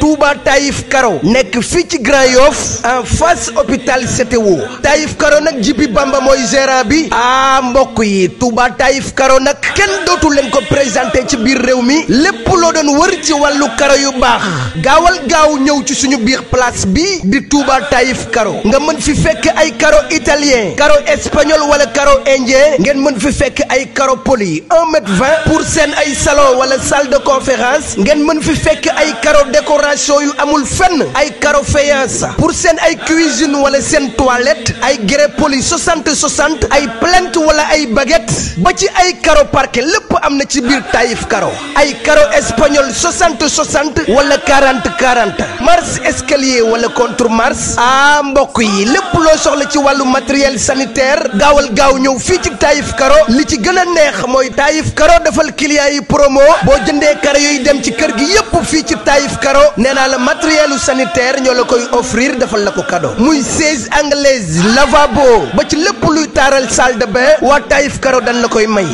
Touba Taïf Karo nekk fii ci Grand Yoff en face hôpital CTO Taïf Karo nag Jibi Bamba mooy gérant bi ah mbokk yi Touba Taïf Karo nag kenn dootu leen ko présenté ci biir réew mi lépp loo doon wër ci wàllu karo yu baax gaawal gaaw ñëw ci suñu biir place bi di Touba Taïf Karo nga mën fi fekk ay karo italien karo espagnol wala karo indien ngeen mën fi fekk ay karo poli 1 mètre 20 pour seen ay salon wala salle de conférence ngeen mën fi fekk ay karo décoration yu amul fenn ay karo faïence pour seen ay cuisine wala seen toilette ay grès poli 60 60 ay plainte wala ay baguette ba ci ay karo par Mbàkke lépp am na ci biir Taïf Karo ay karo espagnol 60 60 wala 40 40 marche escalier wala contre marche ah mbokk yi lépp loo soxla ci wàllu matériel sanitaire gaawal gaaw ñëw fii ci Taïf Karo li ci gën a neex mooy Taïf Karo defal client yi promo boo jëndee karo yooyu dem ci kër gi yépp fii ci Taïf Karo nee naa la matériel sanitaire ñoo la koy offrir defal la ko cadeau muy 16 anglaise lavabo ba ci lépp luy taaral salle de bain waa Taïf Karo dañ la koy may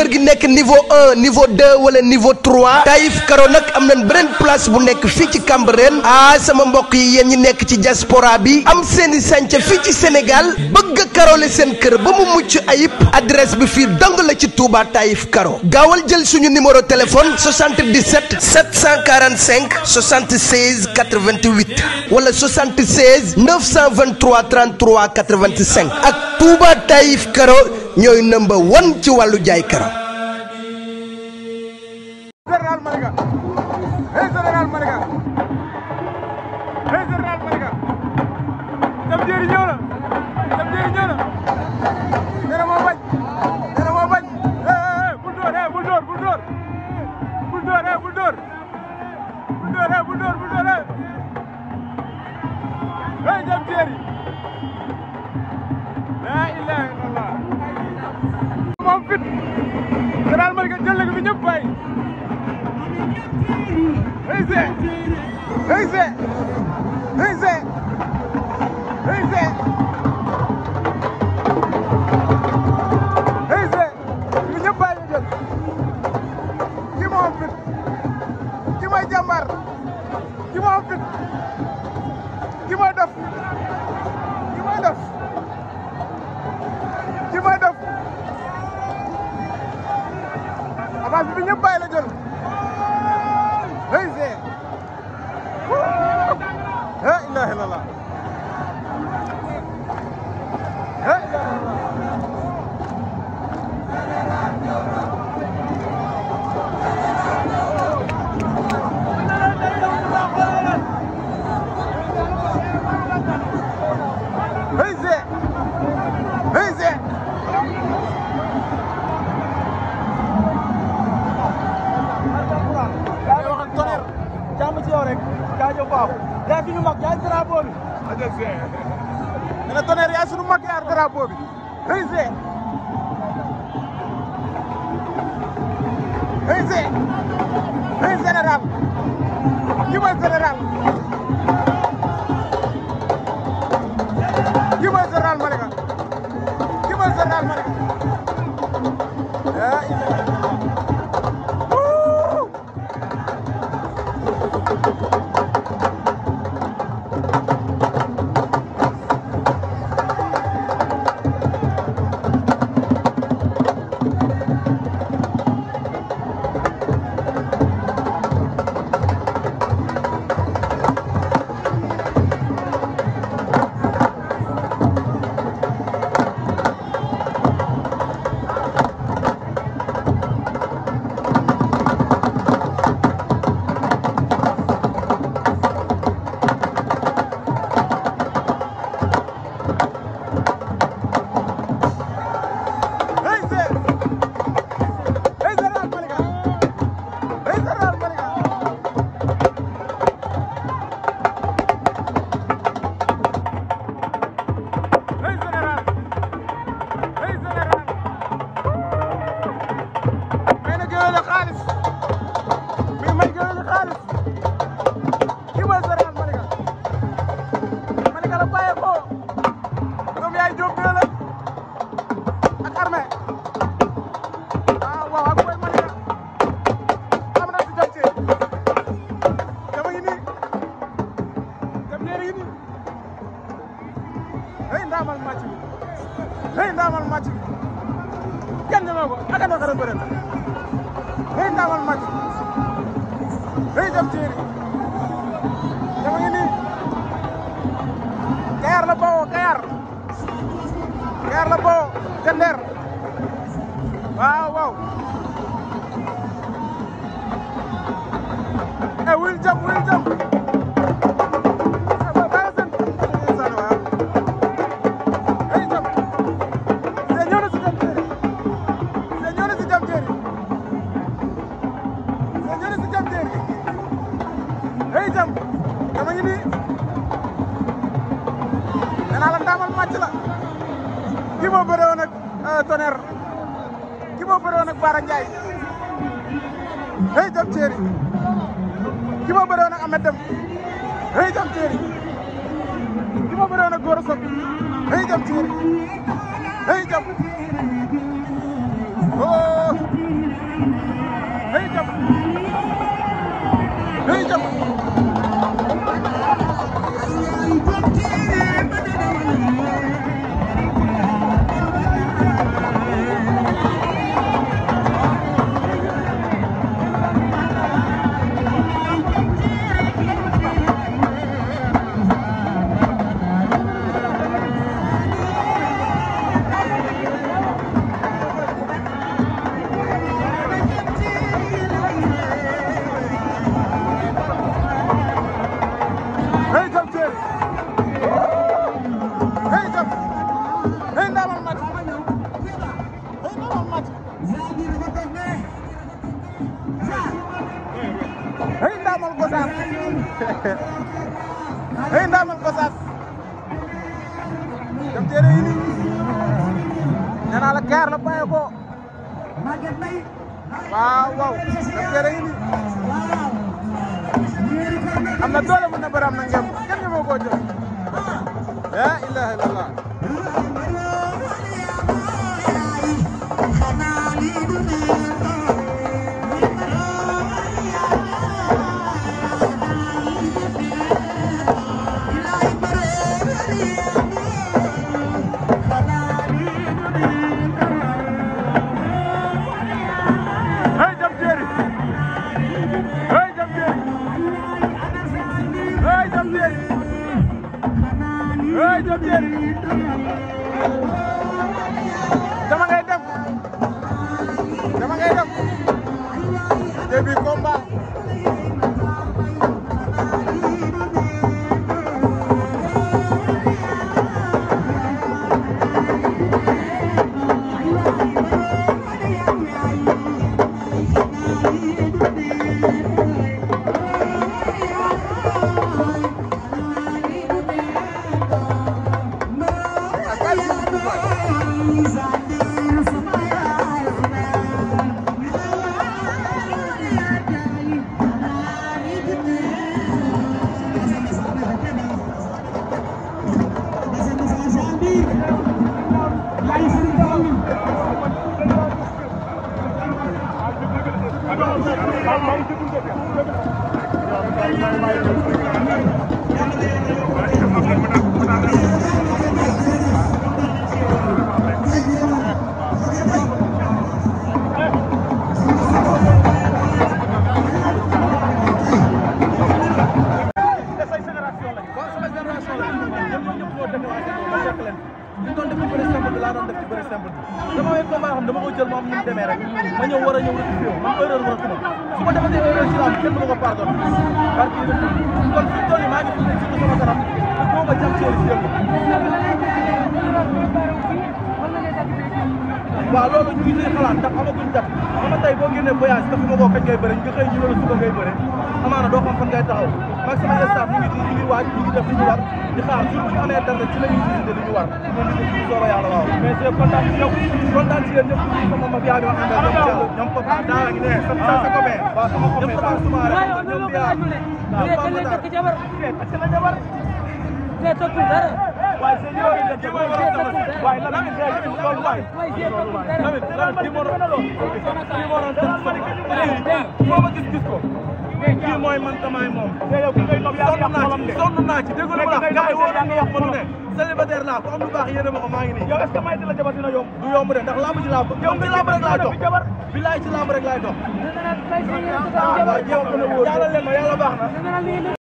kër gi nekk niveau un niveau deux wala niveau trois Taïf Karo nag am nañ beneen place bu nekk fii ci Cambérène ah sama mbokk yi yéen ñi nekk ci diaspora bi am seen i sànca fii ci Sénégal bëgg a karole seen kër ba mu mucc ayib adresse bi fii dong la ci Touba Taïf Karo gaawal jël suñu numéro téléphone 77 745 76 88 wala 76 923 33 85 ak Touba Taïf Karo. ñooy number one ci wàllu jaay karaw ko ñëpp bàyyi hey Zé hey Zé hey Zé hey Zé hey Zé ñu ñëpp bàyyi jël ki moo am fit ki mooy jàmbaar ki moo am fit ki mooy dof avance bi ñëpp bàyyi yaay drapeau bi. ajal see. nee na Tonnerre yaay sunu mag yaar drapeau bi. xëy see. xëy see. xëy général. ki mooy général. ndaamal match bi lay ndaamal match bi kenn demoo ko ak andoo kara bëre lay ndaamal match lay dem téeri dafa ngi nii Kayar la bawoo Kayar Kayar la bawoo Jandeer waaw waaw e eh, wil jam wil jam ngi nii naa la ndaamal màcc la ki moo bëre woon ak euh, Tonnerre ki moo bëre woon ak Bara Ndiaye hey Diam Terry ki moo bëre woon ak Ahmed Deme hey Diam Terry ki ay ndaamal Gossas Diam Terry yi ni nee naa la kaar la bàyyi ko waaw waaw Diam yi ni am na doole mën na am na ngëm kenn ñu ma koo la ilaha illallah May, May, May, May, May, mënu ko pardon parce que kon fi mu toll nii maa ngi fi ci sama kanam pour boo ma jàpp seen yëngu. waaw loolu ñu ngi ciy xalaat ndax amaguñ dat xam nga tey boo génnee voyage te fu ma koo kañ ngay bëre nga xëy ñu ne la suba ngay bëre amaana doo xam fan ngay taxaw. man sama staff ñu ngi ñu ngi waaj ñu ngi def li ñu war di xaar jour bu ñu amee dara ci la ñuy décider li ñu war moom ñu ngi soobee yàlla waaw mais c'est kontaan ci yow kontaan ci yéen ñëpp sama mafia bi ma àndal ñoom ñoom papa daa ngi ne sama sa copain waaw sama copain ñoom papa suma rek ñoom biyaa ñoom papa daa takk jabar takk na jabar ne tokkul dara waaye seen yow yi def jabar wala sama waaye lan ngi def loolu waaye tamit lan di mo di mo ran tan fa ni ko ma gis gis ko mooy man damay moom. sonn naa ci dégg nga la gars yi woo nañu wax ma lu ne. célibataire laa ndax lamb ci lamb. yow lamb rek laay dox bilaay ci lamb rek laay dox. yàlla leen ma yàlla baax na.